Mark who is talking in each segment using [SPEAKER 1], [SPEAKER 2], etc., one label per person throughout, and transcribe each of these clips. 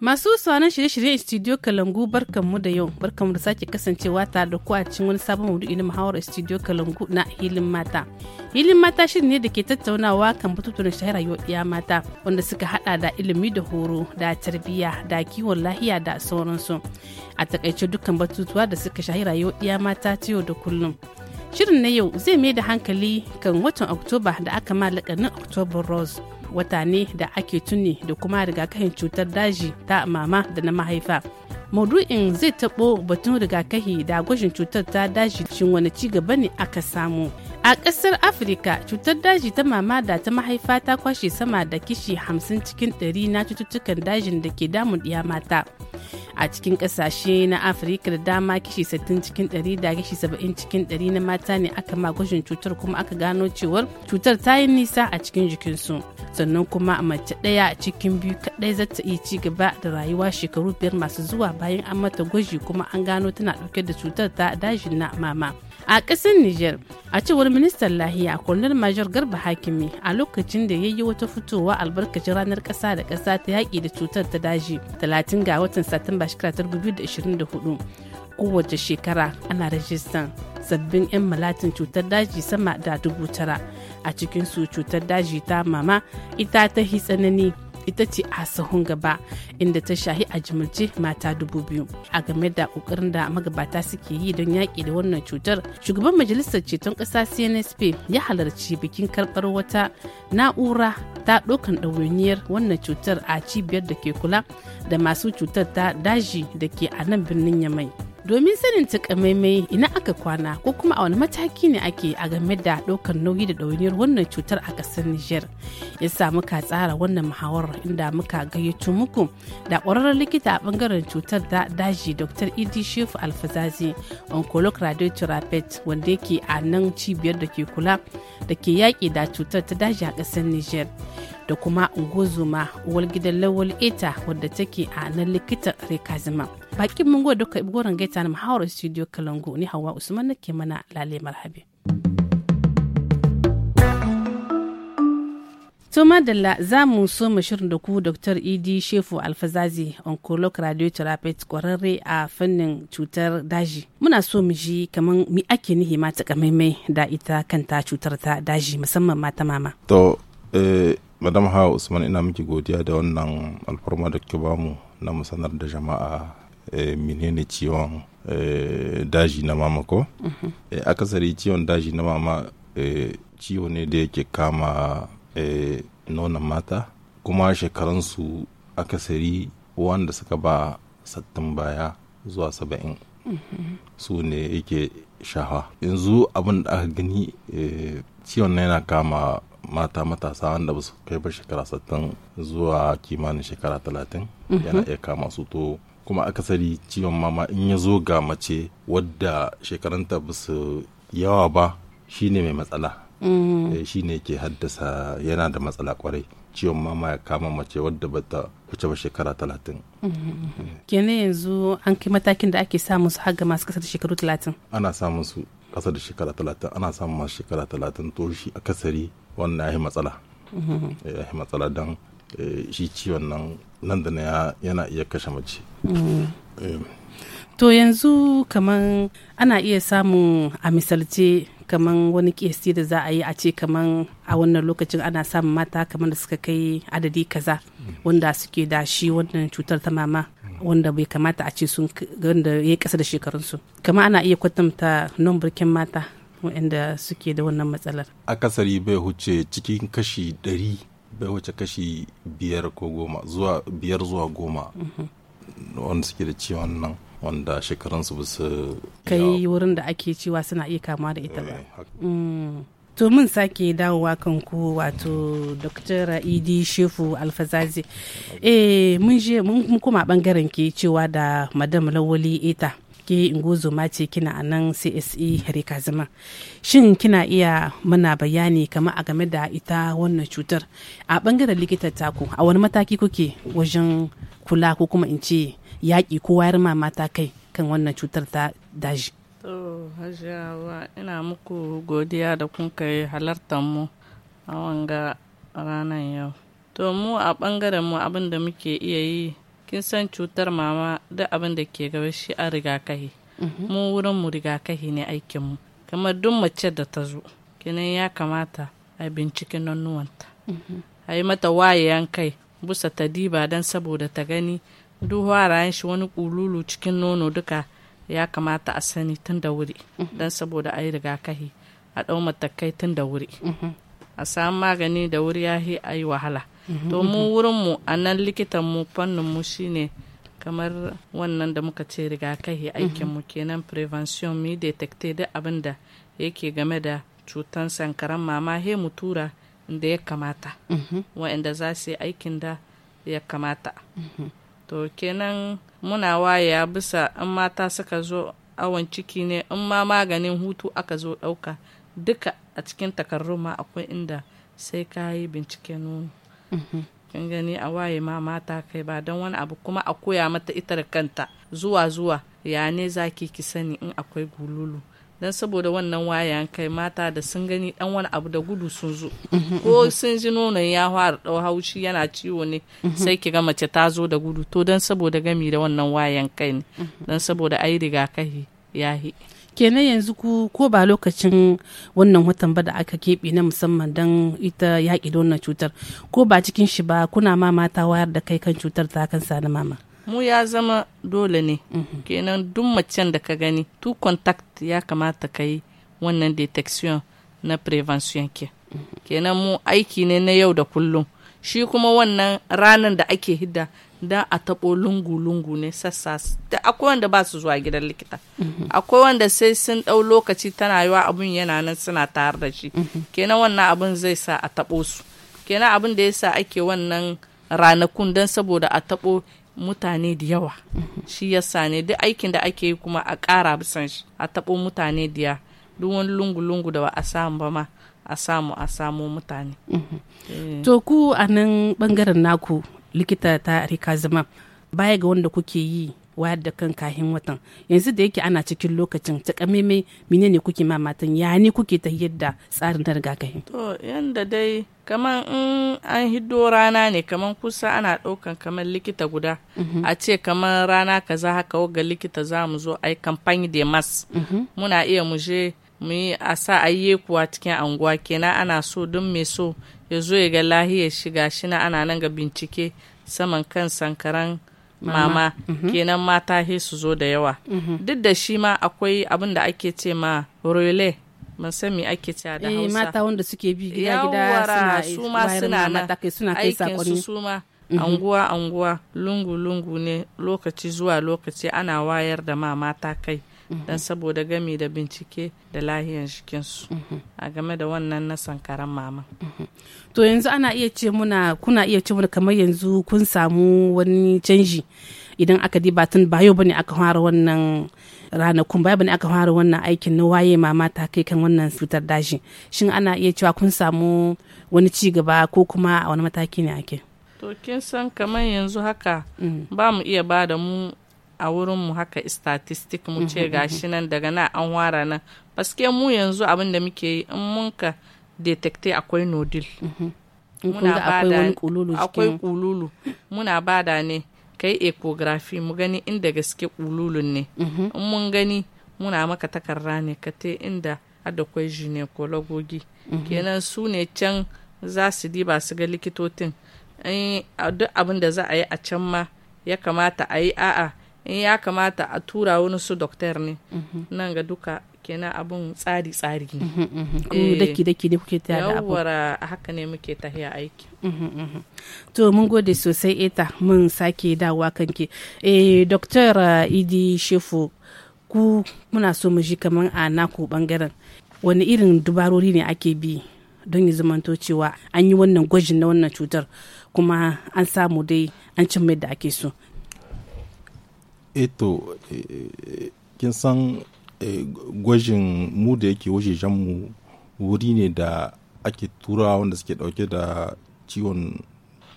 [SPEAKER 1] Masu sauraron shirye-shiryen Studio Kalangu barkanmu da yau barkanmu da sake kasancewa ta da ku a cikin wani sabon maudu'i ina muhawarar Studio Kalangu na Hilin Mata. Hilin Mata shirin ne da ke tattaunawa kan batutuwan shahara yau mata wanda suka hada da ilimi da horo da tarbiyya da kiwon lahiya da sauransu. A takaice dukkan batutuwa da suka shahara yau mata ta yau da kullum. Shirin na yau zai mai da hankali kan watan Oktoba da aka ma lakanin Oktoba Rose. Wata ne da ake tuni da kuma rigakafin cutar daji ta mama da na mahaifa. Maudu'in zai taɓo batun rigakafi da gwajin cutar ta daji cikin wani ci gaba ne aka samu. A ƙasar Afirka, cutar daji ta mama da ta mahaifa ta kwashe sama da kishi 50 cikin 100 na cututtukan dajin da ke damun ɗiya mata. a cikin kasashe na afirka da dama kishi 60 cikin 100 da kishi 70 cikin 100 na mata ne aka ma gwajin cutar kuma aka gano cewar cutar ta yi nisa a cikin jikinsu sannan kuma mace ɗaya cikin biyu kaɗai za ta iya ci gaba da rayuwa shekaru biyar masu zuwa bayan an mata gwaji kuma an gano tana ɗauke da cutar ta dajin na mama a ƙasar Nijar, a cewar ministan lahiya kolonel major garba hakimi a lokacin da ya yi wata fitowa albarkacin ranar ƙasa da ƙasa ta yaƙi da cutar ta daji 30 ga watan satumba 2024 kowace shekara ana rajistan sabbin 'yan malatin cutar daji sama da dubu tara a cikinsu cutar daji ta mama ita ta hi tsanani ita ce a sahun gaba inda ta shahi a jimilce mata dubu biyu a game da kokarin da magabata suke yi don yaƙi da wannan cutar shugaban majalisar ceton ƙasa cnsp ya halarci bikin karɓar wata na'ura ta ɗaukan ɗawainiyar wannan cutar a cibiyar da ke kula da masu cutar ta daji da ke a nan birnin yamai domin sanin takamaimai ina aka kwana ko kuma a wani mataki ne ake a game da ɗaukar nauyi da ɗauniyar wannan cutar a ƙasar Nijar. Yasa muka tsara wannan muhawar inda muka gayyato muku da ƙwararren likita a bangaren cutar da daji Dr. E.D. Shefu Alfazazi, oncolog radiotherapist wanda yake a nan cibiyar da ke kula da ke yaƙi da cutar ta daji a ƙasar Nijar. da kuma ungozuma uwar lawal ita wadda take a nan likita rekazima bakin mun gode duka goran gaita na muhawar studio kalangu ni hawa usman nake mana lale marhabi To madalla za mu so mu shirin da ku Dr. Idi Shefu Alfazazi, oncolog radiotherapist kwararre a fannin cutar daji. Muna so mu ji kaman mi ake nihi mata kamaimai da ita kanta cutar ta daji musamman mata mama.
[SPEAKER 2] To, eh, madam hawa usman ina miki godiya da wannan alfarma da ke bamu na musanar da jama'a eh, menene ciwon eh, daji na mama ko mhm. eh, akasari ciwon daji na mama ciwo ne da yake kama nonon mata kuma shekarunsu akasari wanda suka ba sattin baya zuwa saba'in mhm. su ne yake shaha yanzu abin da aka gani ciwon na yana kama mata matasa wanda ba su kai ba shekara 60 zuwa kimanin shekara talatin. Mhm. yana iya kama su to kuma akasari ciwon mama in ya zo ga mace wadda shekarunta ba su yawa ba shine mai matsala mhm. eh, shine ke haddasa yana da matsala kwarai ciwon mama ya kama mace wadda bata wuce ba shekara talatin.
[SPEAKER 1] Mhm. kenan yanzu an kai matakin da ake samun su har ga masu kasar shekaru talatin
[SPEAKER 2] ana samun su kasa da shekara talatin ana samun masu shekara talatin to shi kasari wannan ya yi matsala mm-hmm. ya yi matsala don eh, shi ciwon nan nan da na yana iya kashe mace mm-hmm. eh.
[SPEAKER 1] to yanzu kaman ana iya samun a misalce kamar wani kesi da za a yi a ce kaman a wannan lokacin ana samun mata kamar da suka kai adadi kaza mm. wanda suke da shi wannan cutar ta mama wanda bai kamata a ce sun wanda ya yi kasa da shekarunsu kama ana iya kwatanta nan burkin mata waɗanda suke da wannan matsalar
[SPEAKER 2] akasari bai huce cikin kashi ɗari bai wuce kashi biyar ko goma zuwa biyar zuwa goma
[SPEAKER 1] mm-hmm.
[SPEAKER 2] wanda suke da ciwon nan wanda shekarunsu ba su
[SPEAKER 1] kai wurin da ake cewa suna iya kama da ita ba eh, to mun sake dawowa kanku wato dr idi shefu alfazazi eh mun je mun kuma bangaren ke cewa da madam lawali eta ke ingozoma ce kina a nan cse harika zama shin kina iya mana bayani kama a game da ita wannan cutar a bangaren likitar taku a wani mataki kuke wajen kula ko kuma in ce yaƙi ko wayar mata kai kan wannan cutar ta daji
[SPEAKER 3] To ina muku godiya da kun kai halartar mu a wanga ranar yau. To mu a ɓangaren mu abin da muke iya yi kin san cutar mama duk abin da ke gaba shi a rigakahi. Mhm. Mu wurin mu rigakahi ne aikin mu. Kamar duk mace da ta zo kinan ya kamata a binciki nannuwanta. Mhm. A yi mata wayayen kai busa tadiba diba don saboda ta gani duk shi wani kululu cikin nono duka ya kamata a sani tun da wuri mhm. don saboda a yi rigakahi a ɗau matakai tun da wuri mhm. a samu magani da wuri ya yi a yi wahala mhm. to mu wurinmu a nan likitanmu fanninmu shine kamar wannan da muka ce rigakahi aikinmu kenan prevention mu detecte da abin da yake game da cutan sankaran mama he mu tura da ya kamata wa'anda za su yi aikin da ya kamata to kenan muna waya bisa in mata suka zo awon ciki ne in ma maganin hutu aka zo ɗauka duka a cikin takarruma ma akwai inda sai ka yi bincike nono mhm. kin gani a waye ma mata kai ba don wani abu kuma a koya mata ita da kanta zuwa zuwa ya ne zaki ki sani in akwai gululu don saboda wannan wayan kai mata da sun gani dan wani abu da gudu sun zo mhm, ko mhm. sun ji nonon ya fara dau haushi yana ciwo ne mhm. sai ki ga mace ta zo da gudu to don saboda gami da wannan wayan kai ne don saboda ai rigakafi hi
[SPEAKER 1] kenan yanzu ku ko ba lokacin wannan watan ba da aka keɓe na musamman dan ita yaƙi da wannan cutar ko ba cikin shi ba kuna ma mata wayar da kai kan cutar ta kansa na mama
[SPEAKER 3] mu ya zama dole ne mhm. kenan duk macen da ka gani tu contact ya kamata ka yi wannan detection na prevention ke mhm. kenan mu aiki ne na yau da kullum shi kuma wannan ranar da ake hidda da a taɓo lungu-lungu ne sassa da akwai wanda ba su zuwa gidan likita mhm. akwai wanda sai sun ɗau lokaci tana yiwa abun yana nan suna tare da shi kenan wannan abun zai sa a taɓo su kenan abun da ya sa ake wannan ranakun don saboda a taɓo mutane da yawa shi yasa ne duk aikin da ake yi kuma a ƙara bisan shi a taɓo mutane da duk wani lungu-lungu da ba a samu ba ma a samu a samu mutane mhm. eh. to
[SPEAKER 1] ku a nan bangaren naku likita ta rika zama baya ga wanda kuke yi wayar da kan kahin watan yanzu da yake ana cikin lokacin takamaimai mine ne kuke ma matan ya ne kuke ta yadda tsarin na rigakafin
[SPEAKER 3] to yanda dai kaman in an hiddo rana ne kaman kusa ana ɗaukan kaman likita guda mhm. a ce kamar rana kaza haka ga likita za mu zo ai kamfani de mas mhm. muna iya mu je mu yi a sa ayye kuwa cikin anguwa kenan ana so don mai so ya zo ya ga lahiyar shiga shi na ana nan ga bincike saman kan sankaran mama mhm. kenan mata he su zo da yawa mhm. duk da shi ma akwai abin da ake ce ma role mun san me ake ce da eh, Hausa mata wanda suke bi gida gida su ma suna na suna kai sakonni su ma mhm. anguwa anguwa lungu lungu ne lokaci zuwa lokaci ana wayar da ma mata kai don mhm. saboda gami da bincike da lahiyan jikinsu mhm. a game da wannan na sankaran mama mhm.
[SPEAKER 1] to yanzu ana iya ce muna kuna iya ce muna kamar yanzu kun samu wani canji idan aka diba tun ba yau bane aka fara wannan ranakun ba bane aka fara wannan aikin na waye mama ta kai kan wannan cutar dashi shin ana iya cewa kun samu wani ci gaba ko kuma a wani mataki ne ake
[SPEAKER 3] to kin san kamar yanzu haka mm. ba mu iya ba da mu a wurin mu haka statistic mu ce gashi nan daga na an wara nan paske mu yanzu abin da muke yi in mun ka detecte akwai nodil mhm. muna akwai kululu muna bada ne kai ecography mu gani inda gaske kululun ne mhm. in mun gani muna maka takarra ne ka te inda hada kwai gynecologogi mhm. kenan su ne can za su diba su ga likitotin duk abin da za a yi a can ma ya kamata a yi a'a in eh, ya kamata a tura wani su doktor ne mhm. nan ga duka kenan abun tsari tsari ne mhm, mhm. Eh, daki daki ne kuke tare abu yawwara haka ne muke tahiya aiki
[SPEAKER 1] to mun gode sosai eta mun sake dawa kanki eh doktor eh, idi shefu ku muna so mu ji kaman a naku bangaren wani irin dubarori ne ake bi don ya zamanto cewa an yi wannan gwajin na wannan cutar kuma an samu dai an cin da ake so
[SPEAKER 2] eto eh, eh, kin san eh, gwajin mu da yake wajejen mu wuri ne da ake tura wanda suke dauke da ciwon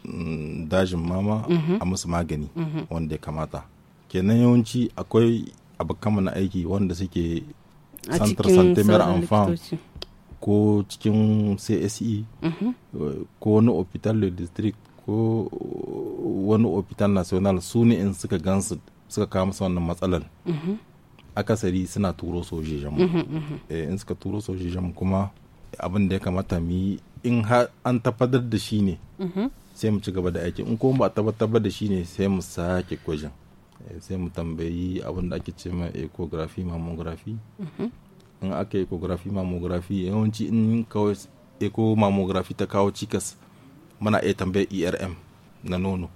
[SPEAKER 2] mm, dajin mama mhm. a musu magani mhm. wanda ya kamata kenan yawanci akwai abokan na aiki wanda suke santar santimiyar amfan ko cikin cse mhm. ko wani hospital district ko wani hospital national su ne in suka gansu suka kawo musu wannan matsalar mhm. akasari suna turo sojejen mu mhm, mhm. eh, in suka turo sojejen mu kuma abin da ya kamata mu yi in har an tabbatar da shi ne sai mu ci gaba da aiki in kuma ba a tabbatar da shi ne sai mu sake gwajin eh, sai mu tambayi abin da ake ce ma ecography mammography in aka ecography mammography yawanci in kawai eco mammography ta kawo cikas muna iya tambayar erm na nono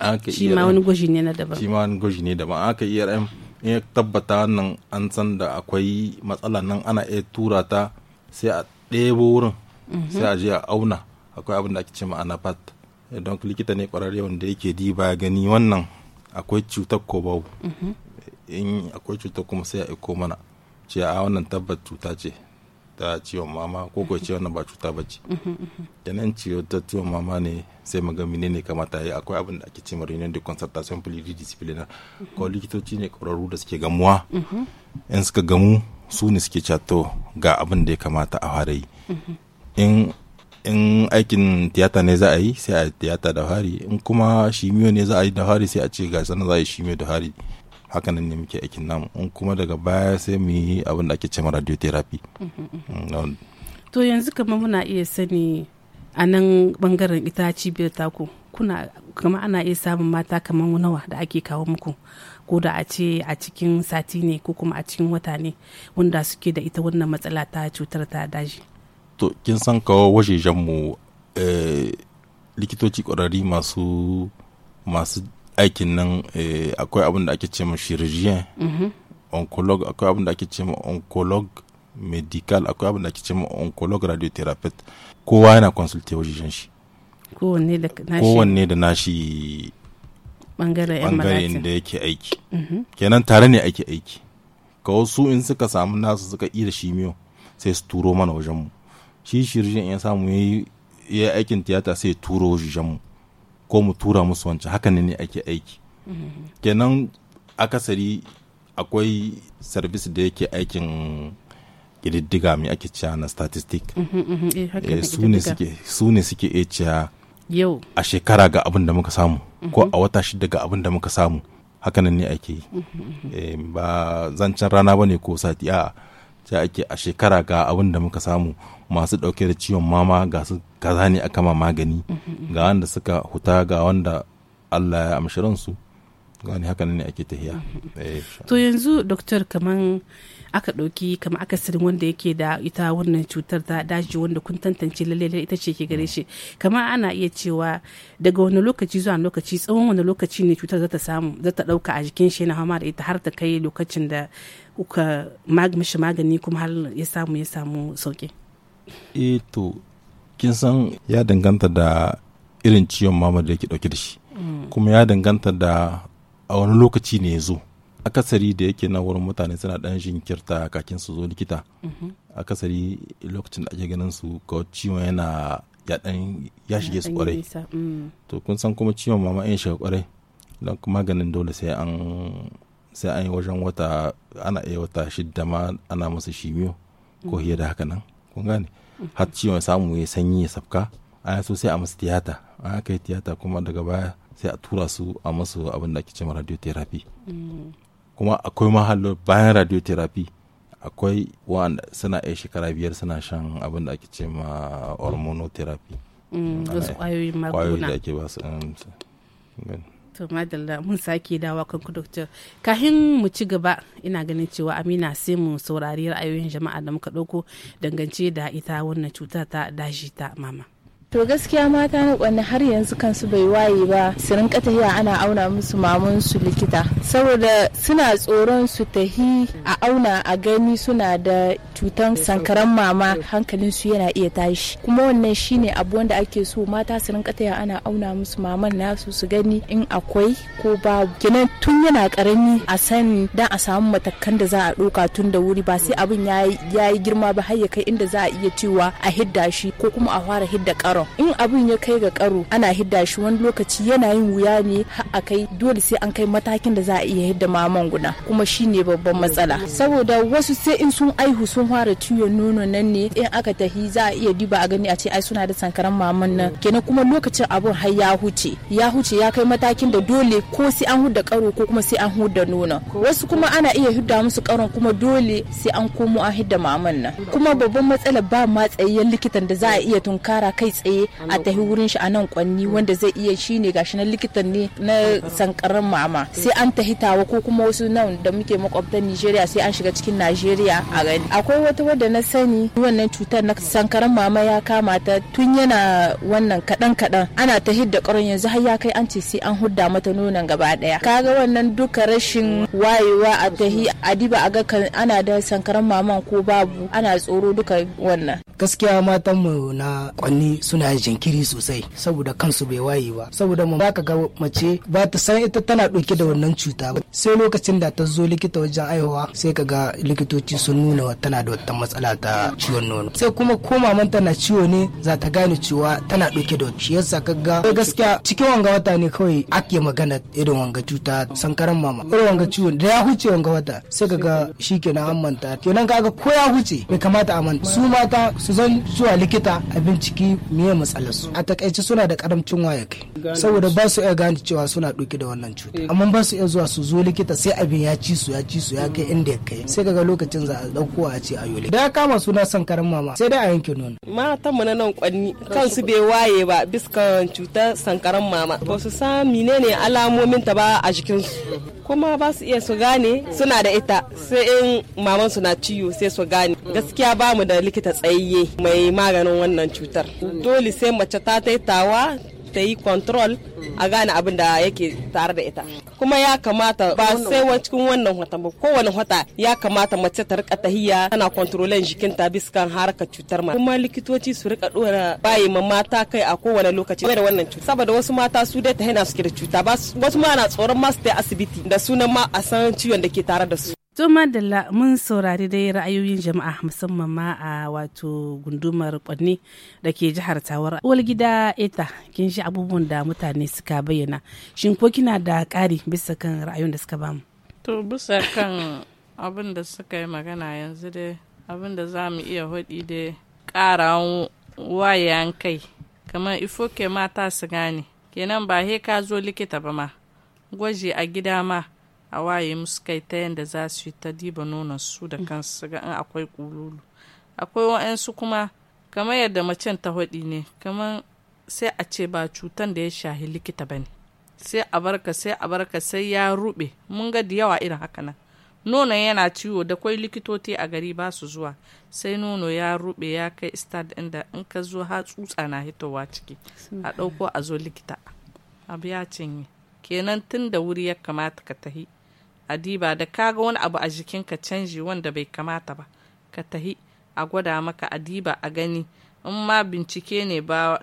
[SPEAKER 2] aka shi ma wani gwaji ne na daban shi ma daban aka erm in ya tabbata nan an san da akwai matsala nan ana iya tura ta sai a ɗebo wurin mhm. sai a je a auna akwai abin da ake ce ma'ana pat don likita ne kwararre wanda yake diba gani wannan akwai cutar ko babu mhm. in akwai cutar kuma sai a iko mana ce a wannan tabbat cuta ce a ciwon mama ko ko ce wannan ba cuta ba ce kenan ta ciwon mama ne sai mu ga menene kamata yi akwai abin da ake cewa reunion de concertation pluridisciplinaire ko likitoci ne ƙwararru da suke gamuwa in suka gamu su ne suke cato ga abin da ya kamata a fara yi in aikin tiyata ne za a yi sai a tiyata da hari in kuma shimiyo ne za a yi da hari sai a ce ga sana za a yi shimiyo da hari Hakanan nan ne muke aikin namu in kuma daga baya sai mu yi abin da ake ce ma radiotherapy
[SPEAKER 4] mm-hmm.
[SPEAKER 2] mm,
[SPEAKER 1] to yanzu kama muna iya sani a nan bangaren ita cibiyar taku kuna kama ana iya samun mata kamar nawa da ake kawo muku ko da a ce a cikin sati ne ko kuma a cikin wata ne wanda suke da ita wannan matsala ta cutar ta daji
[SPEAKER 2] to kin san kawo wajejen mu eh, likitoci kwararri masu aikin nan eh, akwai abin da ake ce ma chirurgien mhm. oncolog akwai abin da ake ce ma oncolog medical akwai abin da ake ce ma oncolog radiotherapist kowa yana consulte wajen shi
[SPEAKER 1] kowanne
[SPEAKER 2] da nashi
[SPEAKER 1] bangare inda
[SPEAKER 2] yake aiki mhm. kenan tare ne ake aiki ka wasu in suka samu nasu suka iya shimiyo sai su turo mana wajenmu shi shirjin ya samu ya yi aikin tiyata sai turo wajenmu ko mu tura musu wancan haka ne ake aiki kenan akasari akwai service da yake aikin ƙididdiga mai ake cewa na statistic
[SPEAKER 4] uhm, uhm, uhm, eh, eh,
[SPEAKER 2] su ne suke iya cewa yau a shekara ga abin da muka samu ko a wata shida ga abin da muka samu hakanan ne ake yi eh, ba zancen rana ba ne ko sati a ake a shekara ga abin da muka samu masu ɗauke da ciwon mama ga su kaza ne a kama magani ga wanda suka huta ga wanda Allah ya amshi ransu gani haka ne ake tahiya eh, to
[SPEAKER 1] yanzu doktor kaman aka ɗauki aka akasarin wanda yake da ita wannan cutar ta daji wanda kun tantance lalle ita ce ke gare shi kamar ana iya cewa daga wani lokaci zuwa lokaci tsawon wani lokaci ne cutar zata samu zata ɗauka a jikin shi na hama da ita har ta kai lokacin da kuka mishi magani kuma har ya samu ya samu sauki
[SPEAKER 2] eh to kin san ya danganta da irin ciwon mama da yake dauke da shi mm. kuma ya danganta da a wani lokaci ne ya zo akasari da yake na wurin mutane suna dan jinkirta kakin su zo likita mm-hmm. akasari lokacin da ake ganin su ga ciwon yana ya dan ya shige su kwarai mm. to kun san kuma ciwon mama in shiga kwarai don maganin dole sai an sai an yi wajen wata ana iya wata shidda ma ana masa shimiyo ko hiya mm. da haka nan kun gane har ciwon samu ya sanyi ya sabka a so sai a musu tiyata a aka yi tiyata kuma daga baya sai a tura su a musu abin da ake cewa radiotherapy mm. kuma akwai mahallo bayan radiotherapy akwai wanda suna iya shekara biyar suna shan abin da ake ce ma hormonotherapy
[SPEAKER 1] mm, kwayoyin magunguna da ake to madalla mun sake dawa kan ku doctor kahin mu ci gaba ina ganin cewa amina sai mu saurari ra'ayoyin jama'a da muka ɗauko dangance da ita wannan cuta ta daji ta mama
[SPEAKER 5] To gaskiya mata na kwanne har yanzu kansu bai waye ba su rinka tahiya ana auna musu maman su likita saboda suna tsoron su tahi a auna a gani suna da cutan sankaran mama hankalin su yana iya tashi kuma wannan shine abu wanda ake so mata su rinka tahiya ana auna musu maman nasu su gani in akwai ko babu kinan tun yana karami a sani dan a samu matakan da za a doka tun da wuri ba sai abin yayi girma ba har ya kai inda za a iya cewa a hidda shi ko kuma a fara hidda karo in abun ya kai ga karo ana hidda shi wani lokaci yana yin wuya ne har a kai dole sai an kai matakin da za a iya hidda maman guda kuma shine babban matsala saboda wasu sai in sun aihu sun fara ciwo nono nan ne in aka tahi za a iya diba a gani a ce ai suna da sankaran maman nan kenan kuma lokacin abun har ya huce ya huce ya kai matakin da dole ko sai an hudda karo ko kuma sai an hudda nono wasu kuma ana iya hidda musu karon kuma dole sai an komo an hidda maman nan kuma babban matsala ba ma likitan da za a iya tunkara kai tsaye tsaye eh, a tahi wurin shi a nan kwanni mm. wanda zai iya shi ne gashi na likitan ne na sankaran mama mm. sai an tahi tawa ko kuma wasu nan da muke makwabtan Nigeria sai an shiga cikin Nigeria a gani akwai wata wadda na sani wannan cutar na sankaran mama ya kama ta tun yana wannan kadan kadan ana ta hidda karon yanzu har ya kai an ce sai an hudda mata nonon gaba daya kaga wannan duka rashin wayewa a tahi adiba a ga ana da sankaran maman ko babu ana tsoro duka wannan gaskiya matan mu na kwanni suna jinkiri sosai saboda kansu bai waye ba saboda mu zaka ga mace ba ta san ita tana dauke da wannan cuta ba sai lokacin da ta zo likita wajen aihuwa sai ka ga likitoci sun nuna wa tana da wata matsala ta ciwon nono sai kuma ko maman tana ciwo ne za ta gane cewa tana dauke da shi yasa ka ga gaskiya cikin wanga wata ne kawai ake magana irin wanga cuta sankaran mama irin wanga ciwon da ya huce wanga wata sai ka ga shikenan an manta kenan kaga ko ya huce bai kamata a manta su mata su su zan zuwa likita a binciki miye matsalarsu a takaice suna da karamcin waya kai saboda ba su iya gane cewa suna ɗauke da wannan cuta amma ba su iya zuwa su zo likita sai abin ya ci su ya ci su ya kai inda ya kai sai kaga lokacin za a ɗauko a ce ayo da ya kama suna son karan mama sai dai a yanke nono
[SPEAKER 6] matan mu na nan kwanni kansu bai waye ba biskan cutar sankaran mama ba su san menene alamomin ta ba a jikinsu kuma ba su iya su gane suna da ita sai in maman na ciwo sai su gane gaskiya ba mu da likita tsayayye ne mai maganin wannan cutar dole sai mace ta taitawa ta yi control a gane abin da yake tare da ita kuma ya kamata ba sai wa cikin wannan wata ba kowane hota ya kamata mace ta rika tahiya tana kontrolan ta biskan harkar cutar ma kuma likitoci su rika dora bayi ma mata kai a kowane lokaci da wannan cuta saboda wasu mata su dai ta hina suke da cuta wasu ma na tsoron ma su asibiti da sunan ma a san ciwon da ke tare da su
[SPEAKER 1] To da mun saurari dai ra'ayoyin jama'a musamman ma a wato gundumar kwanne da ke jihar Tawar. Uwar gida Eta kin shi abubuwan da mutane suka bayyana. Shin ko kina da ƙari bisa kan ra'ayoyin da suka bamu?
[SPEAKER 3] To bisa kan abin da suka yi magana yanzu dai abin da za mu iya hudi dai ƙara wayan kai kamar ifoke mata su gane kenan ba he ka zo likita ba ma gwaji a gida ma a waye musu kai ta yadda za su yi ta diba nonon su da mm. kansu ga in akwai kululu akwai wa'ansu kuma kamar yadda macen ta hudi ne kamar sai a ce ba cutan da ya shahi likita ba ne sai a barka sai a barka sai ya rube mun ga da yawa irin haka nan nonon yana ciwo da kwai likitoti a gari ba su zuwa sai nono ya rube ya kai stad inda in ka zo ha tsutsa na hitowa ciki a ɗauko a zo likita abu ya cinye kenan tun da wuri ya kamata ka tahi adiba da kaga wani abu a jikinka canji wanda bai kamata ba ka tahi a gwada maka adiba a gani in ma bincike ne ba,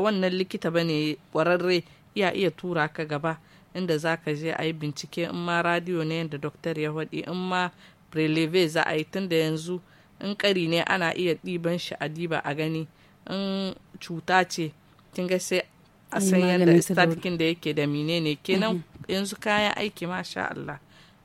[SPEAKER 3] wannan likita ba ne ƙwararre ya iya tura ka gaba inda za ka je a yi bincike in ma radiyo ne yadda doktor ya faɗi in ma preleve za a yi tun da yanzu in ƙari ne ana iya ɗiban shi a diba a gani in cuta ce kin ga sai a san yadda da yake da menene kenan yanzu kayan aiki masha Allah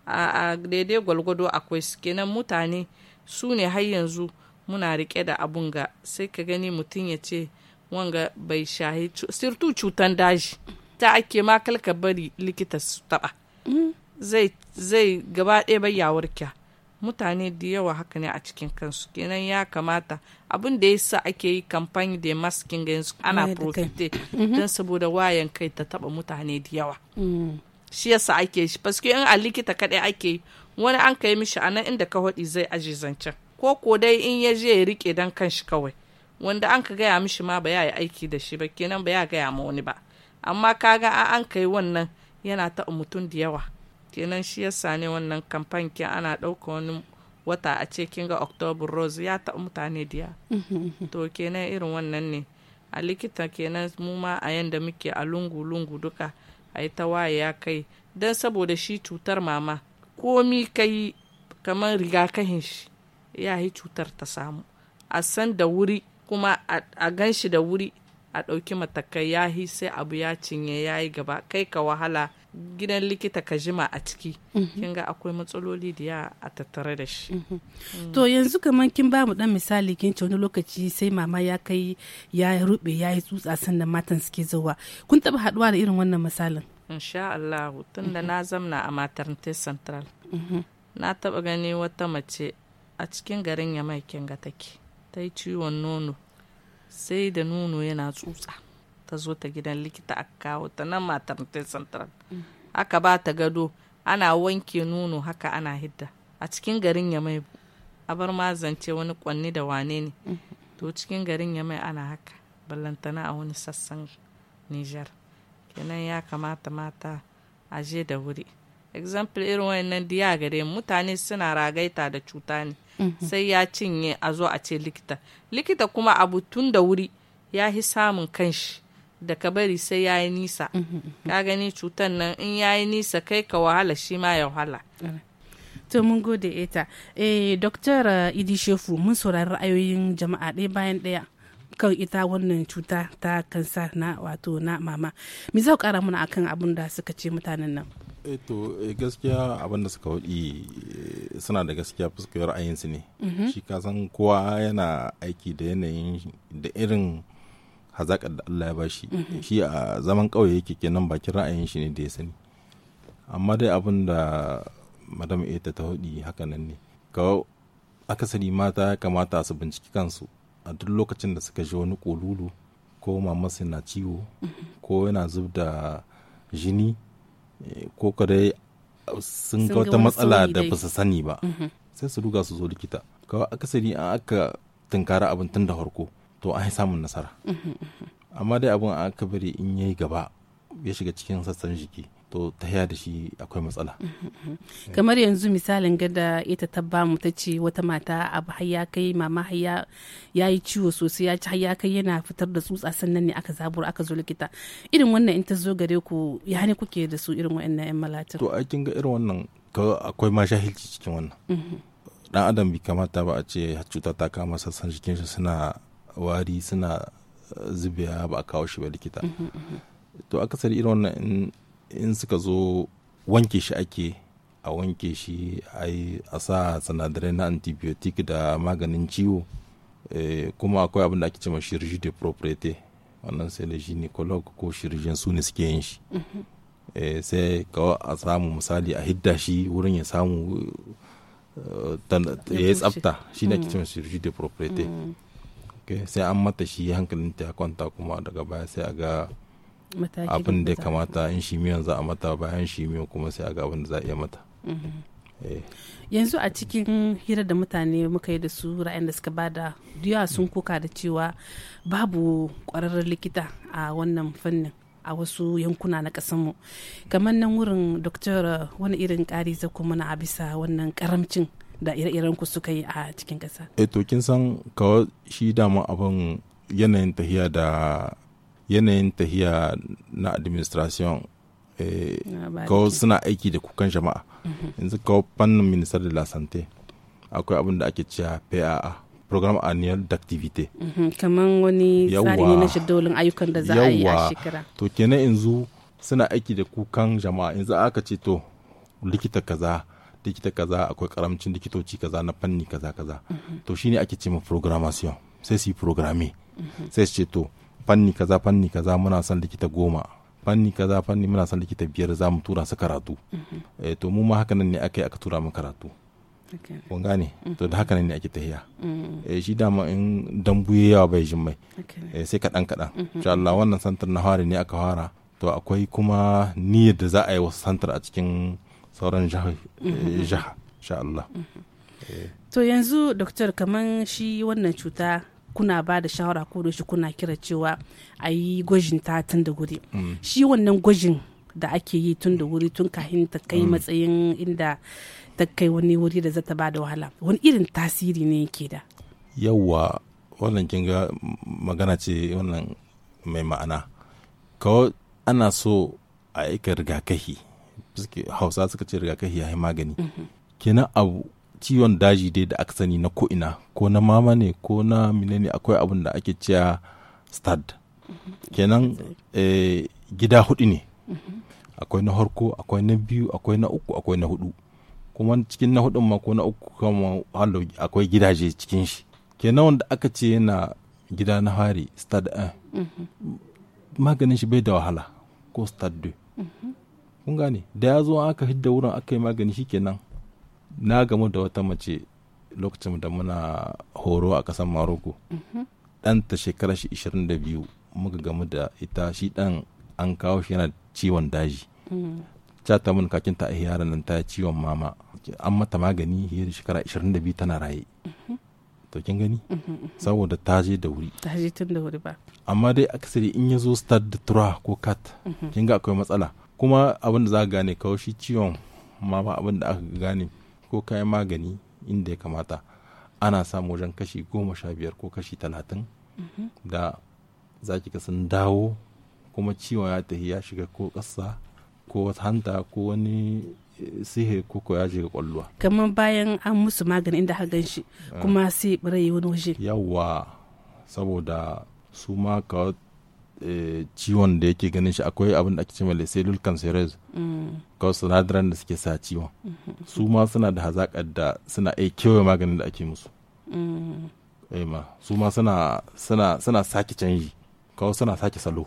[SPEAKER 3] a daidai gwalgwado akwai kenan mutane su ne har yanzu muna rike da abun ga sai ka gani mutum ya ce wanga bai shahi sirtu cutan daji ta ake ma kalka bari likita su taba zai zai gaba ɗaya bai yawar kya, mutane da yawa haka ne a cikin kansu kenan ya kamata abin da yasa ake yi kamfani da masking yanzu ana profite mm-hmm. don saboda wayan kai ta taba mutane da yawa mm. shi yasa ake shi paske in a likita kaɗai ake wani an kai mishi anan inda ka waɗi zai aje zancen ko ko dai in ya je ya rike dan kanshi kawai wanda an ka gaya mishi ma ba ya yi aiki da shi ba kenan ba ya gaya ma wani ba amma kaga an kai wannan yana taɓa mutum da yawa kenan shi yasa ne wannan kamfan ana ɗauka wani wata a ce kinga october rose ya taɓa mutane diya mm-hmm. to kenan irin wannan ne a likita kenan mu ma a yanda muke a lungu-lungu duka a yi waye ya kai don saboda shi cutar mama komi kai kamar rigakahin shi ya yi cutar ta samu a san da wuri kuma a gan shi da wuri a ɗauki matakai ya hi sai abu ya cinye ya yi gaba kai ka wahala gidan likita ka jima a ciki mhm. kin ga akwai matsaloli da ya a tattare da shi mhm. mm. to
[SPEAKER 1] yanzu kamar kin ba mu dan misali kin ce wani lokaci sai mama ya kai ya rube ya yi tsutsa sannan matan suke zuwa kun taba haduwa da irin
[SPEAKER 3] wannan misalin insha Allah tun da na mhm. zamna a maternity central na taba gani wata mace a cikin garin ya kin ga take ta yi ciwon nono sai da nuno yana tsutsa ta zo ta gidan likita a kawo ta nan ta central aka ba ta gado ana wanke nuno haka ana hidda a cikin garin ya mai a bar mazance wani kwanni da wane ne to cikin garin ya mai ana haka ballantana a wani sassan nijar kenan ya kamata mata a je da wuri example irin wayannan diya gare mutane suna ragaita da cuta ne Mm-hmm. sai ya cinye a zo a ce likita likita kuma abu tun da wuri ya yi samun kanshi da ka bari sai ya yi nisa mm-hmm. ka gani cutar nan in ya yi nisa kai ka wahala shi ma ya wahala
[SPEAKER 1] to mun gode ita eh dr eh, idi shefu mun saurari ra'ayoyin jama'a ɗaya bayan ɗaya kan ita wannan cuta ta kansa na wato na mama mi za ku kara mana akan abin da suka ce mutanen nan
[SPEAKER 2] eh to eh, gaskiya abin da suka waɗi eh, suna da gaskiya fuskar ra'ayinsu ne mhm. shi kasan kowa yana aiki da yanayin da irin hazakar da Allah ya ba shi mhm. shi a zaman ƙauye yake kenan bakin ra'ayin shi ne da ya sani amma dai abin da madam ita ta hudi haka nan ne ka akasari mata ya kamata su binciki kansu a duk lokacin da suka ji wani kolulu ko mamasi na ciwo ko yana zub da jini eh, ko kadai sun ga wata matsala da ba su sani ba mhm. sai su ruga su zo likita kawai akasari an aka tunkara abin tun da farko to an samun nasara mhm, mhm. amma dai abin aka bari in yayi gaba ya shiga cikin sassan jiki to ta ya da shi akwai matsala
[SPEAKER 1] kamar yanzu misalin gada ita ta ba mu ta ce wata mata abu har kai mama har ya yi ciwo sosai ya ci haya kai yana fitar da tsutsa sannan ne aka zabura aka zo likita irin wannan in ta zo gare ku ya ne kuke da su irin wa'annan yan malatin to
[SPEAKER 2] a kin ga irin wannan akwai ma shahilci cikin wannan mm-hmm. dan adam bai kamata ba a ce cuta ta kama sassan jikin shi suna wari suna eh, zubewa ba a kawo shi ba likita mm-hmm, mm-hmm. to akasari irin wannan in suka zo wanke shi ake a wanke shi a sa sinadarai na antibiotic da maganin ciwo eh, kuma akwai abin da ake cewa shirji de propriété wannan sai shi nicolog ko shirjin su ne suke yin shi mm-hmm. eh, sai kawai a samu misali a hidda shi wurin ya samu eh, ya yi tsafta shi ne ake mm. cewa shirji de propriété mm. sai an mata shi hankalinta ya kwanta kuma daga baya sai a ga abin da ya kamata in miyan za a mata bayan shi miyan kuma sai a ga abin da za a iya mata mhm. eh.
[SPEAKER 1] yanzu a cikin hira da mutane muka yi da su ra'ayin da suka bada duya sun mm. kuka da cewa babu kwararren likita a wannan fannin a wasu yankuna na kasanmu kamar nan wurin doktor wani irin ƙari za kuma na bisa wannan karamcin da ire-iren ku suka yi a cikin kasa.
[SPEAKER 2] Eh to kin san kawai shi dama abin yanayin tafiya da yanayin tahiya na administration eh, kawo suna aiki da kukan jama'a mhm. yanzu kawo fannin de da lasante akwai abin da ake cewa paa program annual d'activité
[SPEAKER 1] mhm, kamar wani tsari na shidolin ayyukan da za a yi a shekara
[SPEAKER 2] to kenan yanzu suna aiki da kukan jama'a yanzu aka ce to likita kaza likita kaza akwai karamcin likitoci kaza na fanni kaza kaza mhm. to shine ake ce ma programmation sai su yi programme sai su ce to fanni kaza fanni kaza muna son likita goma fanni kaza fanni muna son likita biyar za mu tura su karatu mhm. eh, to mu ma haka nan ne aka yi aka tura mu karatu kun gane mhm. to da haka nan ne ake tahiya mhm. eh, shi dama in dambu yawa bai jin mai eh, sai kaɗan kaɗan insha Allah wannan santar na fara ne aka fara to akwai kuma niyyar da za a yi wasu santar a cikin sauran jiha insha Allah
[SPEAKER 1] to yanzu doktor kaman shi wannan cuta kuna ba da shawara ko da shi kuna kira cewa a yi gwajin ta tun da wuri mm. shi wannan gwajin da ake yi tun da wuri tun kahin ta kai mm. matsayin inda ta kai wani wuri da zata ba da wahala wani irin tasiri ne yake da
[SPEAKER 2] yawwa wannan kin magana ce wannan mai ma'ana kawo ana so a aika rigakahi hausa suka ce rigakahi ya yi magani mm-hmm. kenan abu ciwon daji dai da aka sani na ko'ina ko na mama ne ko na ne akwai abin da ake cewa stad kenan eh, gida hudu ne akwai na harko akwai na biyu akwai na uku akwai na hudu kuma cikin na hudun ma ko na uku kama akwai gidaje cikin shi kenan wanda aka ce yana gida na hari stad a eh, maganin shi bai da wahala ko stad 2 kun gane da ya zo aka hidda wurin aka yi magani shi kenan na gamu da wata mace lokacin da muna horo a ƙasar maroko mhm. ɗanta shekara shi 22 muka gamu da ita shi ɗan an kawo shi yana ciwon daji cata mhm. mun kakin ta yaran nan ta ciwon mama an mata magani hiyar da shekara 22 tana raye mhm. to kin gani saboda ta je da wuri ta
[SPEAKER 1] je tun da wuri ba
[SPEAKER 2] amma dai akasari in ya zo stad da tura ko kat kin ga akwai matsala kuma abin da za ka gane kawo shi ciwon mama abin da aka gane ko kayan magani inda ya kamata ana samu wajen kashi goma sha biyar ko kashi talatin da za ki sun dawo kuma ciwon ya tafi ya shiga ko ƙasa ko wata hanta ko wani eh, sihe ko ko ya shiga kwalluwa
[SPEAKER 1] kamar bayan an musu magani inda da gan shi eh. kuma
[SPEAKER 2] sai ɓarayi wani waje yawwa saboda su ma ka Eh, ciwon da yake ganin shi akwai abin da ake ce mai cellul cancerous kawai sinadaran da suke sa ciwon su ma suna da hazakar da suna a kewaye maganin da ake musu eh ma su ma suna sake canji kawai suna sake salo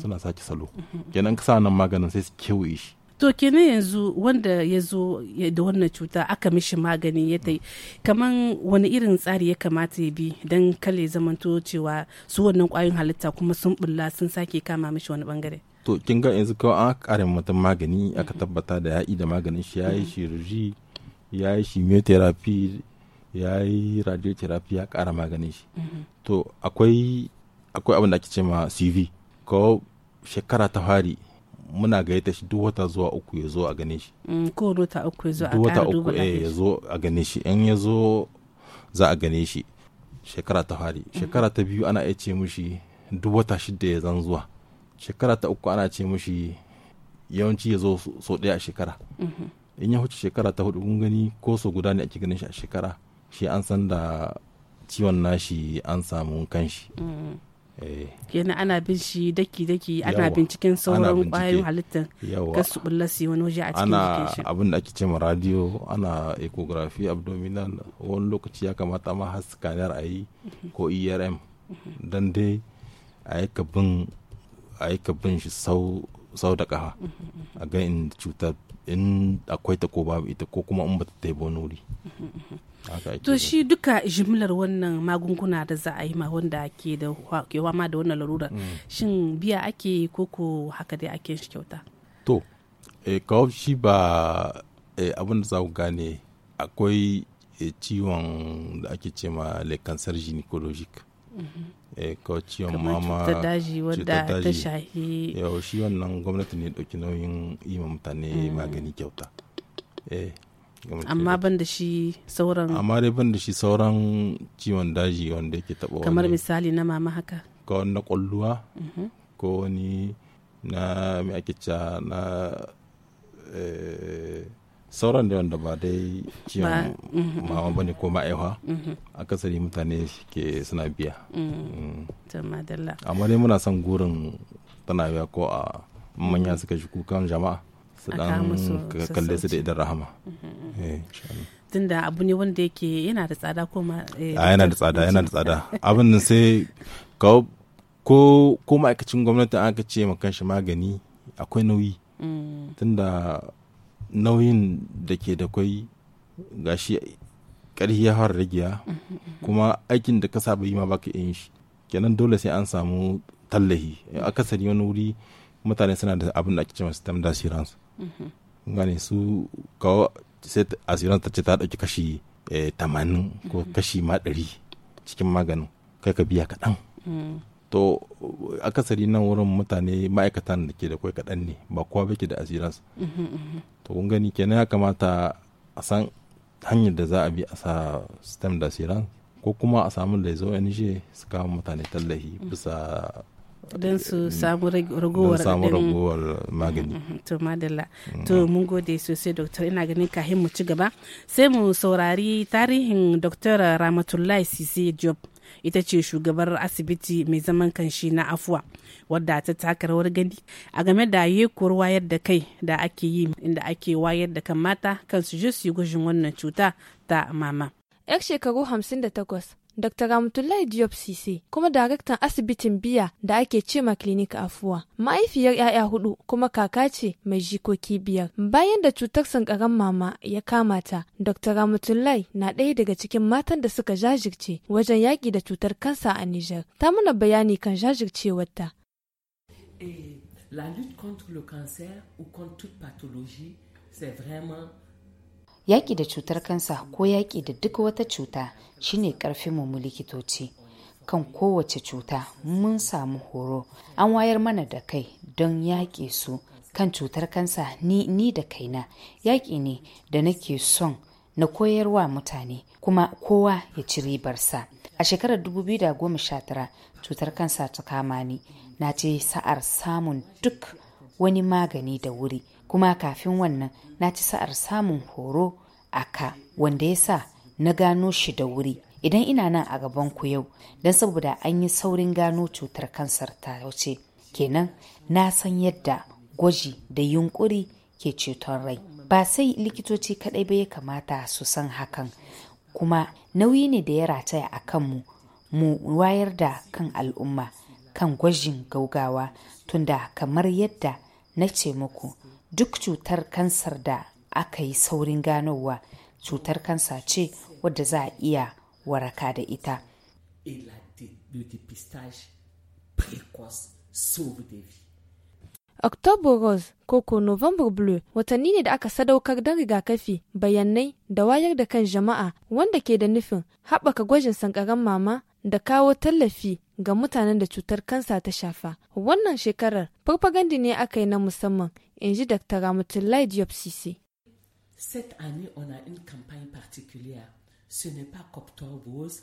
[SPEAKER 2] suna sake salo kenan ka nan maganin sai su kewaye shi
[SPEAKER 1] to kenan yanzu wanda ya zo da wannan cuta aka mishi magani ya tai kaman wani irin tsari ya kamata ya bi don kale zamanto cewa su wannan kwayoyin halitta kuma sun bulla sun sake kama mishi wani bangare
[SPEAKER 2] to kin ga yanzu kawai an karin mutum magani aka tabbata da ya'i da maganin shi ya yi shirurgi ya yi chemotherapy ya yi radiotherapy ya kara maganin shi mhm. to akwai akwai abin da ake ce ma cv ko shekara ta fari muna gayyata shi duk wata zuwa uku ya zo a gane shi
[SPEAKER 1] mm, ko wata uku ya zo a wata uku eh, ya
[SPEAKER 2] zo a gane shi in ya zo za a gane shi shekara ta fari mm-hmm. shekara ta biyu ana ce mushi duk wata shida ya zan zuwa shekara ta uku ana ce mushi yawanci ya zo so ɗaya a shekara mm-hmm. in ya huce shekara ta hudu kun gani ko so guda ne ake ganin shi a shekara shi an san da ciwon nashi an samu kanshi
[SPEAKER 1] mm-hmm. Eh. kenan ana bin shi daki-daki ana binciken sauran kwayoyin halittar gasu bulla wani waje a cikin jikin ana
[SPEAKER 2] abin da ake ce ma radio ana ecography abdominal wani lokaci ya kamata ma har scanner a yi mhm. ko erm mhm. don dai a yi bin shi sau da kafa mhm, a ga in cutar in akwai ta ko babu ita ko kuma in ba ta ba nuri.
[SPEAKER 1] to shi duka jimlar wannan magunguna da za a yi ma wanda ake da kewa ma da wannan larura mm. shin biya ake ko ko haka dai ake shi kyauta
[SPEAKER 2] to e, kawo shi ba eh, abin da za ku gane akwai eh, ciwon da ake ce ma le cancer gynecologique mm-hmm. Eh, ko ciwon mama cutar daji wadda ta shahi yau shi wannan gwamnati ne dauki nauyin yi ma mutane mm. magani kyauta eh, amma ban da
[SPEAKER 1] shi sauran amma
[SPEAKER 2] dai ban da shi sauran ciwon daji wanda yake taba kamar
[SPEAKER 1] misali na mama haka
[SPEAKER 2] ko na kwalluwa mm-hmm. ko wani na me ake na eh, sauran da wanda ba dai ciwon
[SPEAKER 4] mhm. mama bane
[SPEAKER 2] ko ma'aiwa mhm. akasari mutane ke suna biya
[SPEAKER 4] mm.
[SPEAKER 1] Mm.
[SPEAKER 2] amma dai muna son gurin tana biya ko a manya suka shi kukan jama'a su dan kalle su da idan rahama mm-hmm. eh,
[SPEAKER 1] tunda abu ne wanda yake yana da tsada ko ma eh, ah, yana da tsada yana da tsada
[SPEAKER 2] abin nan sai ko ko ma'aikacin gwamnati an ka ce makan shi magani akwai nauyi mm. tunda nauyin da ke da kwai gashi ƙarfi ya fara ragiya kuma aikin da ka saba yi ma baka yin shi kenan dole sai an samu tallahi akasari wani wuri mutane suna da abin da ake cewa system da asiransu gane su kawo sai asiransu ta ce ta ɗauki kashi eh, tamanin ko kashi ma ɗari cikin maganin kai ka biya kaɗan to akasari nan wurin mutane ma'aikatan da ke da kwai kaɗan ne ba kowa ke da asiransu to kun gani kenan ya kamata a san hanyar da za a bi a sa stem da asiran ko kuma a samu da zo shi su kawo mutane tallahi bisa
[SPEAKER 1] don su eh, samu ragowar samu ragowar magani mm, mm, mm, to madalla to mun gode sosai doktor ina ganin kahin mu ci gaba sai mu saurari tarihin doktor ramatullahi sisi job ita ce shugabar asibiti mai zaman kanshi na afuwa wadda ta taka rawar gani a game da yekuwar wayar da kai da ake yi inda ake wayar da kan mata kan su je su yi gwajin wannan cuta ta mama.
[SPEAKER 7] 'yar shekaru hamsin da 58 Dr. Ramtullahi Diop Sise, kuma daraktan asibitin biya da ake cema klinik afuwa. Ma'aifiyar 'ya'ya hudu kuma kaka ce mai jikoki biyar. Bayan da cutar sankaran mama ya kama ta, Dr. Ramtullahi na ɗaya daga cikin matan da suka jajirce wajen yaƙi da cutar kansa a Nijar. Ta muna bayani kan jajircewarta.
[SPEAKER 6] Eh, la lutte contre le cancer ou contre toute pathologie, c'est vraiment
[SPEAKER 7] Yaƙi da cutar
[SPEAKER 8] kansa ko yaƙi da duk wata cuta shine ƙarfinmu mu likitoci. Kan kowace cuta mun samu horo, an wayar mana da kai don yaƙi su kan cutar kansa ni, ni da kaina yaƙi ne da nake son na koyarwa mutane kuma kowa ya ci ribarsa. A shekarar 2019 cutar kansa ta kama ni, na ce sa'ar samun duk wani magani da wuri. kuma kafin wannan na ci sa'ar samun horo a ka wanda ya sa na gano shi da wuri idan ina nan a gaban ku yau don saboda an yi saurin gano cutar kansar ta wuce kenan na san yadda gwaji da yunkuri ke ceton rai ba sai likitoci kadai ba ya kamata su san hakan kuma nauyi ne da ya rataya a kanmu mu wayar da kan al'umma kan gwajin gaugawa tunda kamar yadda na ce muku duk cutar kansar da aka yi saurin ganowa cutar kansa ce wadda za a iya waraka da ita
[SPEAKER 7] October Rose ko ko November Blue watanni ne da aka sadaukar don rigakafi bayanai da wayar da kan jama'a wanda ke da nufin haɓaka gwajin sankaran mama da kawo tallafi ga mutanen da cutar kansa ta shafa. Wannan shekarar farfagandi ne aka yi na musamman, in ji Dr. Ramatullahi Diop Sisi.
[SPEAKER 6] Cette année, on a une campagne particulière. Ce n'est pas Coptor Rose,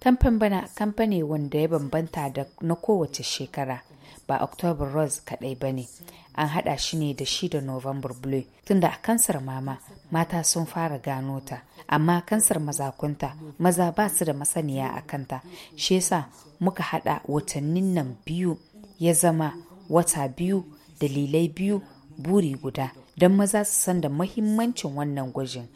[SPEAKER 8] Kamfan bana kamfa wanda ya bambanta da na kowace shekara ba October Rose kadai ba ne, an hada shi ne da shi da November Blue tunda a kansar mama mata sun fara gano ta, amma kansar mazakunta maza ba su da masaniya a kanta, shi yasa muka hada watannin nan biyu ya zama wata biyu dalilai biyu buri guda don maza su san da mahimmancin wannan gwajin.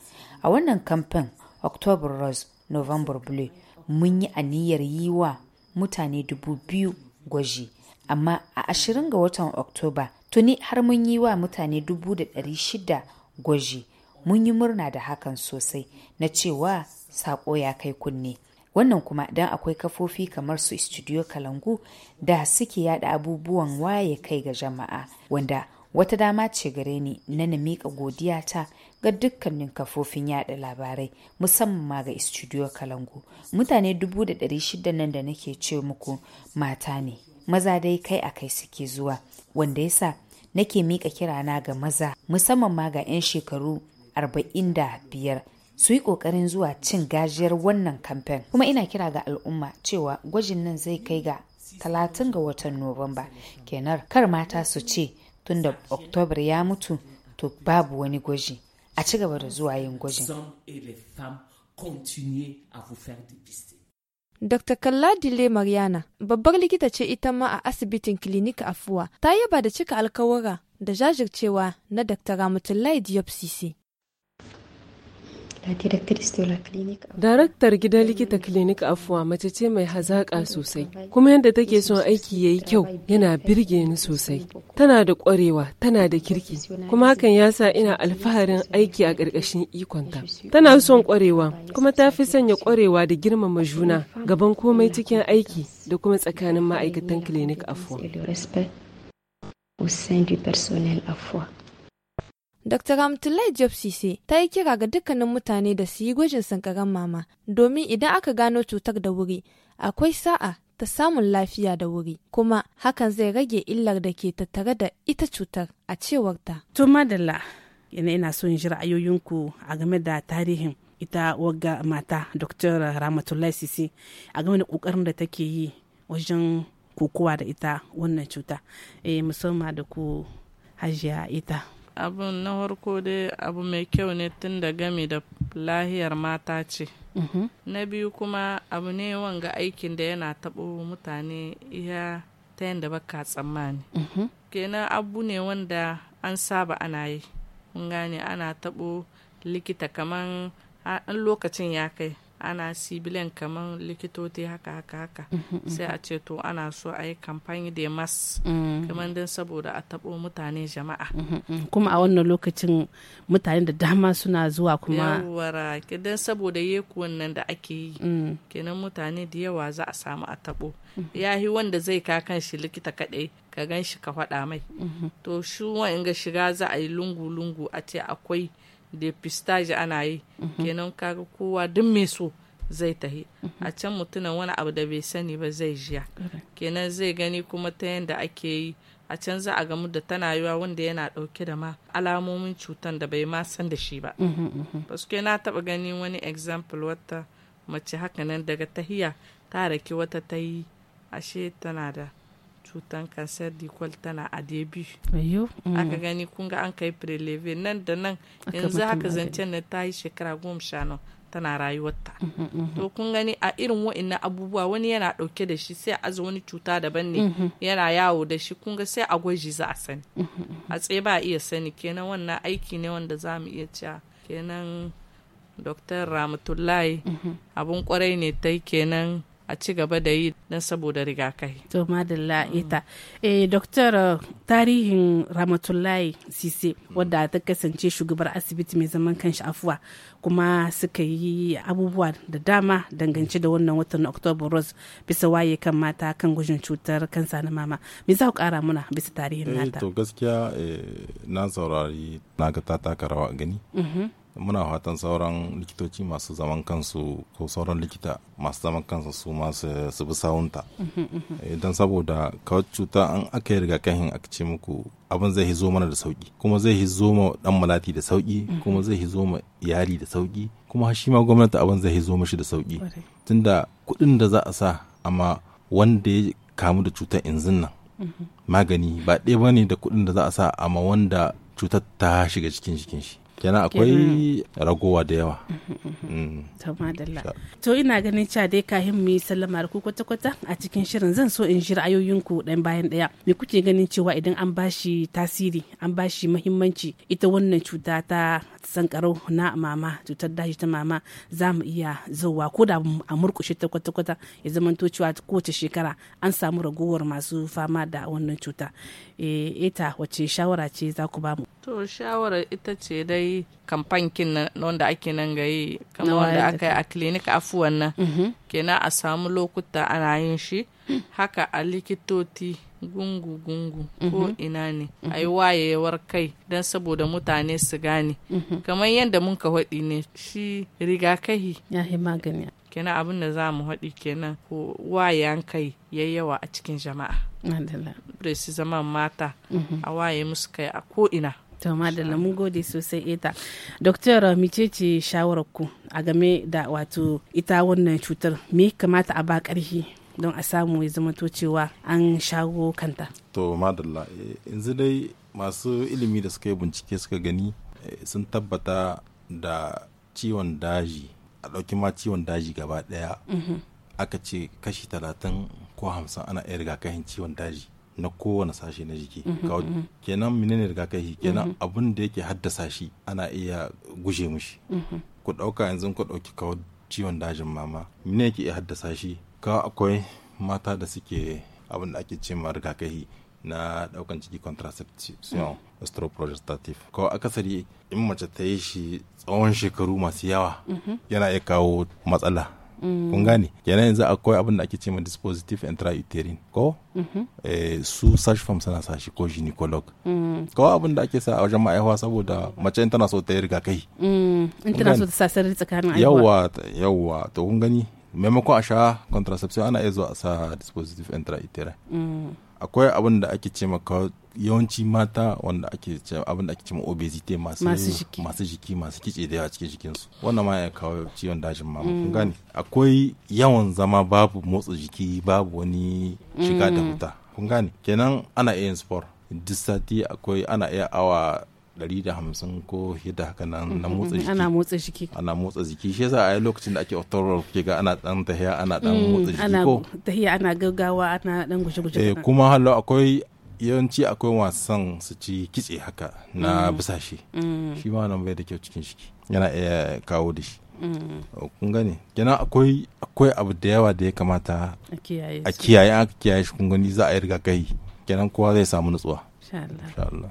[SPEAKER 8] A wannan kamfan october rose november blue mun yi aniyar yi wa mutane dubu biyu gwaji amma a ashirin ga watan oktoba tuni har mun yi wa mutane dubu da ɗari shida gwaji mun yi murna da hakan sosai na cewa saƙo ya kai kunne wannan kuma don akwai kafofi kamar su studio kalangu da suke yada abubuwan waye kai ga jama'a wanda wata dama ce gare ni na na miƙa godiyata ga dukkanin kafofin yada labarai musamman ma ga studio Kalango. mutane dubu da ɗari shida nan da nake ce muku mata ne maza dai kai a kai suke zuwa wanda yasa nake miƙa kirana ga maza musamman ma ga 'yan shekaru arba'in da biyar su yi ƙoƙarin zuwa cin gajiyar wannan kamfen kuma ina kira ga al'umma cewa gwajin nan zai kai ga talatin ga watan nuwamba kenar kar mata su ce tunda oktobar ya mutu to babu wani gwaji a ci gaba da zuwa yin gwajin
[SPEAKER 7] Dr. Kalladile Mariana, babbar likita ce ita ma a asibitin Klinik Afuwa, ta yaba da cika alkawara da jajircewa na Dr. Ramutullahi sisi. Daraktar gidan likita klinik afuwa
[SPEAKER 6] mace ce mai hazaƙa sosai, kuma yadda take son aiki ya yi kyau yana birge ni sosai. Tana da ƙwarewa, tana da kirki, kuma hakan ya sa ina alfaharin aiki a ƙarƙashin ikonta. Tana son ƙwarewa, kuma ta fi sanya ƙwarewa da girmama juna gaban komai cikin aiki da kuma tsakanin ma'aikatan klinik afuwa.
[SPEAKER 7] Dr. Ramtulai Job Sise ta yi kira ga dukkanin mutane da su yi gwajin sankaran mama domin idan aka gano cutar da wuri akwai sa'a ta samun lafiya da wuri kuma hakan zai rage illar da ke tattare da ita cutar a cewar ta. To madalla
[SPEAKER 1] yana ina son ji ra'ayoyinku a game da tarihin ita wagga mata Dr. Ramatullahi sise a game da kokarin da take yi wajen kokowa da ita wannan cuta. Eh musamman da ku hajiya ita.
[SPEAKER 3] abin na farko dai abu mai kyau ne tun da game da lahiyar mata ce mhm. na biyu kuma abu ne wanga aikin da yana taɓo mutane iya ta yadda baka tsammani mhm. kenan abu ne wanda an saba ana yi mun gane ana taɓo likita kaman an lokacin ya kai ana sibilan kamar likitoci haka haka haka mm, mm, mm. sai a ce to ana so a yi kamfani da mas kamar don saboda a taɓo mutane jama'a
[SPEAKER 1] kuma a wannan lokacin mutane da dama suna zuwa kuma
[SPEAKER 3] yawara kidan saboda yekuwan nan da ake yi kenan mutane da yawa za a samu a taɓo ya yi wanda zai kakan shi likita kaɗai ka gan shi ka faɗa mai to shi wa inga shiga za a yi lungu-lungu a ce akwai depistage ana yi kenan kaga kowa duk mai so zai tahi a can mutumin wani abu da bai sani ba zai jiya kenan zai gani kuma ta yadda ake yi a can za a gamu da tana yiwa wanda yana dauke da ma alamomin cutan da bai ma san da shi ba mhm, mhm. basu na taba gani wani example wata mace hakanan daga tahiya ta raki wata ta yi ashe tana da cutan kansar dikol tana a debi mm. aka gani ga an kai preleve nan da nan yanzu haka zancen na ta yi shekara goma sha nan tana rayuwarta mm, mm, to kun gani a irin wa'in abubuwa wani yana dauke da shi sai a aza wani cuta daban ne yana yawo da shi kun ga sai a gwaji za a sani a tsaye ba a iya sani kenan wannan aiki ne wanda za mu iya cewa kenan Dr. Ramatullahi abun kwarai ne ta kenan a ci gaba da yi na saboda rigakafi.
[SPEAKER 1] To madalla ita. Eh doktor uh, tarihin Ramatullahi Sise mm. wadda ta kasance shugabar asibiti mai zaman kanshi afuwa kuma suka yi abubuwa da dama dangance da wannan watan October Rose bisa waye kan mata kan gujin cutar kansa na mama. Me za ku kara muna bisa tarihin
[SPEAKER 4] eh, nata? To
[SPEAKER 2] gaskiya eh, na saurari na ga ta taka rawa gani. Mm-hmm. muna fatan sauran likitoci masu zaman kansu ko sauran likita masu zaman kansu su masu su bi sawunta eh, don saboda kawai cuta an aka yi rigakafin aka ce muku abin zai hizo mana da sauki kuma zai hizo ma dan malati da sauki kuma zai hizo ma iyali da sauki kuma shi ma gwamnati abin zai hizo mishi da sauki tunda kuɗin da za a sa amma wanda ya kamu da cutar inzin nan mhm. magani ba ɗaya bane da kuɗin da za a sa amma wanda cutar ta shiga cikin jikin shi kenan akwai ragowa da yawa mm.
[SPEAKER 1] to ina ganin cewa dai kahin mu yi sallama da ku kwata-kwata a cikin shirin zan so in shi ra'ayoyinku ɗan bayan ɗaya me kuke ganin cewa idan an bashi tasiri an bashi mahimmanci ita wannan cuta ta sankarau na mama cutar daji ta mama za mu iya zowa ko da a murkushe ta kwata-kwata ya zama to cewa kowace shekara an samu ragowar masu fama da wannan cuta ita e, wace shawara ce za ku ba mu
[SPEAKER 3] to shawara ita ce dai kamfankin na wanda ake nan gayi kamar wanda aka yi a clinic afuwan nan mhm. kenan a samu lokuta ana yin shi mm. haka a likitoti gungu-gungu ko mhm. ina ne mhm. a yi wayewar kai don saboda mutane su gane mhm. kamar yadda mun ka haɗi ne shi rigakahi
[SPEAKER 1] ya yi magani
[SPEAKER 3] kenan abin da za mu haɗi kenan ko wayan kai ya yawa a cikin jama'a da su zaman mata a waye musu kai a ko ina to madalla mun gode sosai ita
[SPEAKER 1] doktor micece shawarar ku a game da wato ita wannan cutar me kamata a ba ƙarfi don a samu ya zama to cewa an shago kanta
[SPEAKER 2] to madalla eh, yanzu dai masu ilimi da suka yi bincike suka gani eh, sun tabbata da ciwon daji a ɗauki ma ciwon daji gaba ɗaya mhm. aka ce kashi talatin ko hamsin ana iya rigakafin ciwon daji na kowane sashe na jiki mhm, mhm. kenan menene rigakafi kenan abin da yake haddasa shi ana iya guje mushi ku ɗauka yanzu ku ɗauki kawo ciwon dajin mama mene yake iya haddasa shi ka akwai mata da suke abin da ake ce ma rigakafi na daukan ciki contraceptive so mm. estroprogestative ko akasari in mace ta yi shi tsawon shekaru masu yawa mm-hmm. yana iya kawo matsala
[SPEAKER 4] mm. kun gane
[SPEAKER 2] yana yanzu akwai abin da ake ce ma dispositive intrauterine ko mm-hmm. eh, su search form suna sa shi ko gynecolog mm. ko abin da ake sa a wajen ma'aihuwa saboda mace in tana so ta yi rigakafi
[SPEAKER 1] in tana so ta sa sarari tsakanin aihuwa
[SPEAKER 2] yawa to kun gani maimakon a sha contraception ana iya zuwa a sa dispositive intrauterine akwai abin da ake ce maka yawanci mata wanda ake ce abin da ake ce obesity masu masu jiki masu kitse da yawa cikin jikinsu wannan ma ya kawo ciwon dajin mama kun gane akwai yawan zama babu motsa jiki babu wani shiga da huta mm. kun gane kenan ana iya yin sport duk sati akwai ana iya awa da hamsin ko yadda haka nan na mhm, motsa mhm, jiki ana motsa jiki ana motsa jiki shi yasa a lokacin da ake otorol ke ga ana dan tahiya ana dan mhm, motsa jiki ko
[SPEAKER 1] tahiya ana gaggawa ana dan guje-guje eh kuma
[SPEAKER 2] hallo akwai yawanci akwai wasan su ci kitse haka na busashi. shi ma nan bai da kyau cikin shi yana iya kawo da shi kun gane kenan akwai akwai abu da yawa da ya kamata a kiyaye a kiyaye shi kun gani za a yi rigakai kenan kowa zai samu nutsuwa insha Allah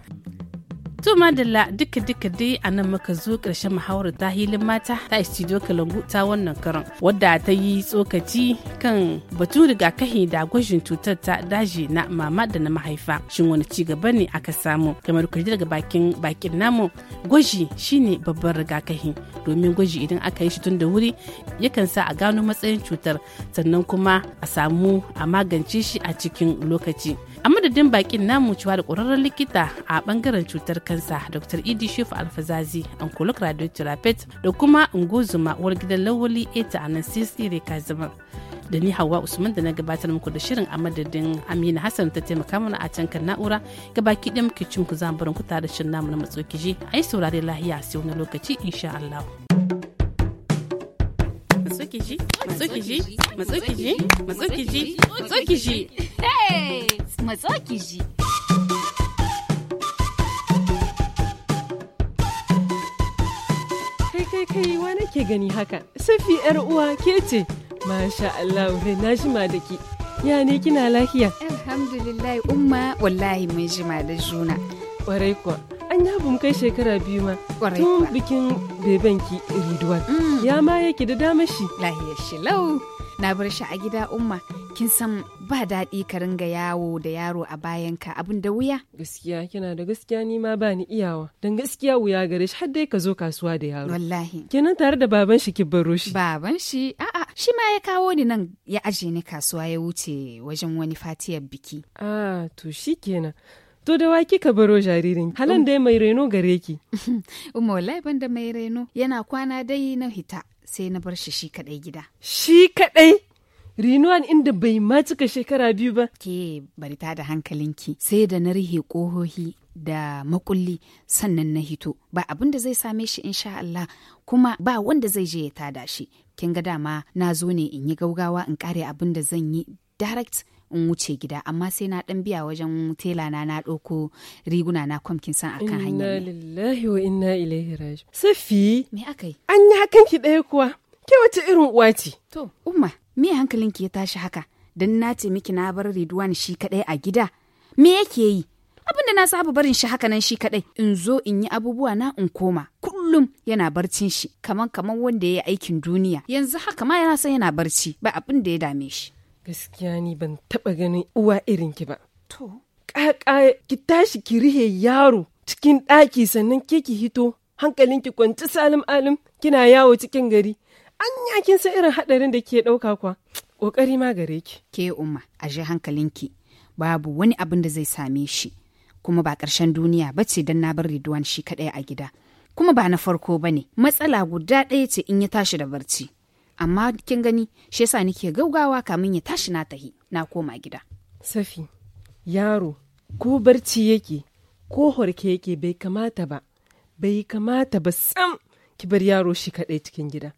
[SPEAKER 1] To madalla duka duka dai a nan muka zo ƙarshen muhawarar ta hilin mata ta studio Kalangu ta wannan karon wadda ta yi tsokaci kan batun rigakafi da gwajin cutar ta daji na mama da na mahaifa shin wani ci gaba ne aka samu kamar kurji daga bakin bakin namu gwaji shine babban rigakafi domin gwaji idan aka yi shi tun da wuri yakan sa a gano matsayin cutar sannan kuma a samu a magance shi a cikin lokaci. a madadin bakin namu cewa da ƙwararren likita a bangaren cutar kansa dr idi shefu alfazazi oncolog radiotherapist da kuma ungozuma uwar gidan lawali eta anasis ireka zama da ni hawa usman da na gabatar muku da shirin a madadin amina hassan ta taimaka mana a can kan na'ura gabaki ɗaya muke cin ku zambarin ku tare da shirin namu na matso kiji a yi saurare lahiya sai wani lokaci insha allah matsukiji matsukiji matsukiji matsukiji
[SPEAKER 8] matsukiji hey matsukiji
[SPEAKER 6] kai kai kai wa nake gani haka safi yar uwa ke ce masha Allah na shima da ki
[SPEAKER 8] ya ne kina lafiya alhamdulillah umma wallahi mun jima
[SPEAKER 6] da juna kwarai kuwa an yabun kai shekara biyu ma tun bikin bebenki riduwar
[SPEAKER 8] mm. ya ma yake da dama shi lahiyar shi lau na bar shi a gida umma kin san ba daɗi ka ringa yawo da yaro a bayanka abin da wuya gaskiya kina da gaskiya ni ma ba
[SPEAKER 6] iyawa dan gaskiya wuya gare shi har dai ka zo kasuwa da yaro
[SPEAKER 8] wallahi kenan tare da baban shi ki baro shi baban shi a'a shi ma ya kawo ni nan ya aje ni kasuwa ya wuce wajen wani fatiyar biki a ah, to shikenan To da wa ka baro jaririn? Halan um. dai mai reno gare ki. Umma wallahi ban da mai reno yana kwana dai na hita sai na bar shi shi kadai gida. Shi kadai? Rinuwan inda bai ma cika shekara biyu ba. Ke bari ta da hankalinki sai da na rihe ƙohohi da makulli sannan na hito ba abin da zai same shi insha Allah kuma ba wanda zai je ya tada shi. Kin ga dama na zo ne in yi gaugawa in kare abin da zan yi direct in wuce gida amma sai na dan biya wajen tela na na doko riguna na kwamkin san akan hanyar. Inna lillahi wa inna
[SPEAKER 6] ilaihi raji.
[SPEAKER 8] Safi. Me aka An yi hakan ki daya kuwa. Ke wace irin uwa ce? To, Umma, me hankalin ki ya tashi haka? Dan na ce miki na bar riduwan shi kadai a gida. Me yake yi? abin da na saba barin shi haka nan shi kadai in zo in yi abubuwa na in koma kullum yana barcin shi kaman kaman wanda ya yi aikin duniya yanzu haka ma yana san yana barci ba abin da ya dame shi Gaskiya ni ban taɓa ganin uwa irin ki ba. To. Ƙaƙa ki
[SPEAKER 6] tashi ki rihe yaro cikin ɗaki sannan ke ki hito hankalin ki kwanci salim
[SPEAKER 8] alim kina yawo cikin gari. Anya kin san irin haɗarin da ke ɗauka kwa. Ƙoƙari ma gare ki. Ke umma a ji hankalinki babu wani abin da zai same shi. Kuma ba ƙarshen duniya ba ce don na bar riduwan shi kaɗai a gida. Kuma ba na farko ba ne matsala guda ɗaya ce in ya tashi da barci. amma kin gani shi yasa nake gaugawa kamin ya tashi na tahi na koma gida safi yaro ko
[SPEAKER 6] barci yake ko horke yake bai kamata ba bai kamata ba sam ki bar yaro shi kadai cikin gida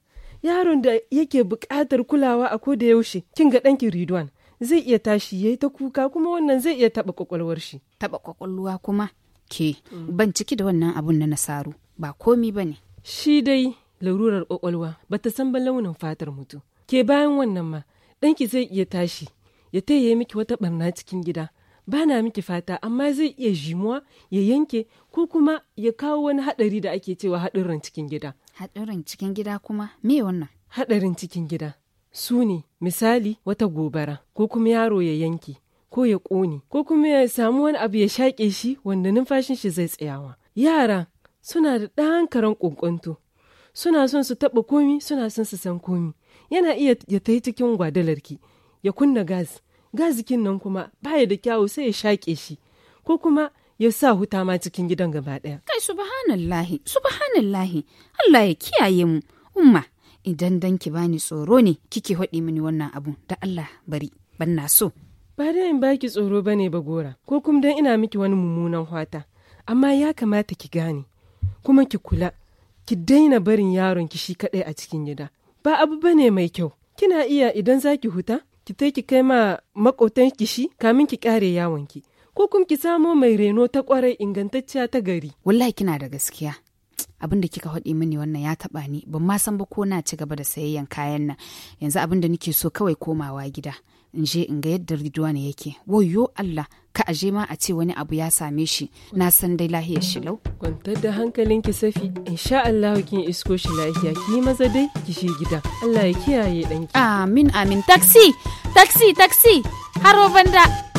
[SPEAKER 6] yaron da yake bukatar kulawa a ko da yaushe kin ga
[SPEAKER 8] ɗanki ridwan zai iya tashi yayi ta kuka kuma wannan zai iya taɓa kwakwalwar shi taɓa kwakwalwa kuma ke ban ciki da wannan abun na nasaru ba komi ba ne shi dai
[SPEAKER 6] larurar kwakwalwa ba ta san ba launin fatar mutu. ke bayan wannan ma ɗanki zai iya tashi ya taya miki wata barna cikin gida ba na miki fata amma zai iya jimuwa ya yanke ko kuma ya kawo wani haɗari da ake cewa haɗarin cikin gida
[SPEAKER 8] haɗarin cikin gida kuma me wannan
[SPEAKER 6] haɗarin cikin gida su ne misali wata gobara ko kuma yaro ya yanke ko ya ƙone ko kuma ya samu wani abu ya shaƙe shi wanda numfashin shi zai tsayawa yara suna da ɗan karen ƙunƙunto suna son su taɓa komi suna son su san komi yana iya ya ta cikin gwadalarki ya kunna gas gazikin nan kuma baya da kyawu sai ya shaƙe shi ko kuma
[SPEAKER 8] ya sa huta ma cikin gidan gaba ɗaya. kai subhanallahi subhanallahi allah ya kiyaye mu umma idan danki ki bani tsoro ne kike haɗi mini wannan abu da allah bari ban na so ba da in baki tsoro bane ba gora ko kuma dan ina miki wani
[SPEAKER 6] mummunan hwata amma ya kamata ki gane kuma ki kula ki daina barin yaron ki shi kaɗai a cikin gida. Ba abu bane mai kyau. Kina iya idan za ki huta, ki ta ki kai ma makotan ki shi kamin ki ƙare yawon ki. Ko kuma ki samo mai reno
[SPEAKER 8] ta kwarai ingantacciya ta gari. Wallahi kina da gaskiya. abin da kika haɗi mini wannan ya taɓa ni ban ma san ba ko na ci gaba da sayayyan kayan nan yanzu abin da nake so kawai komawa gida in je in ga yadda riduwa yake wayo Allah ka aje ma a ce wani abu ya same shi na san dai lahiyar shi lau kwantar da hankalinki safi insha Allah kin isko
[SPEAKER 6] shi lahiya ki maza dai ki shi gida Allah ya kiyaye ɗanki amin amin taxi taxi taxi haro banda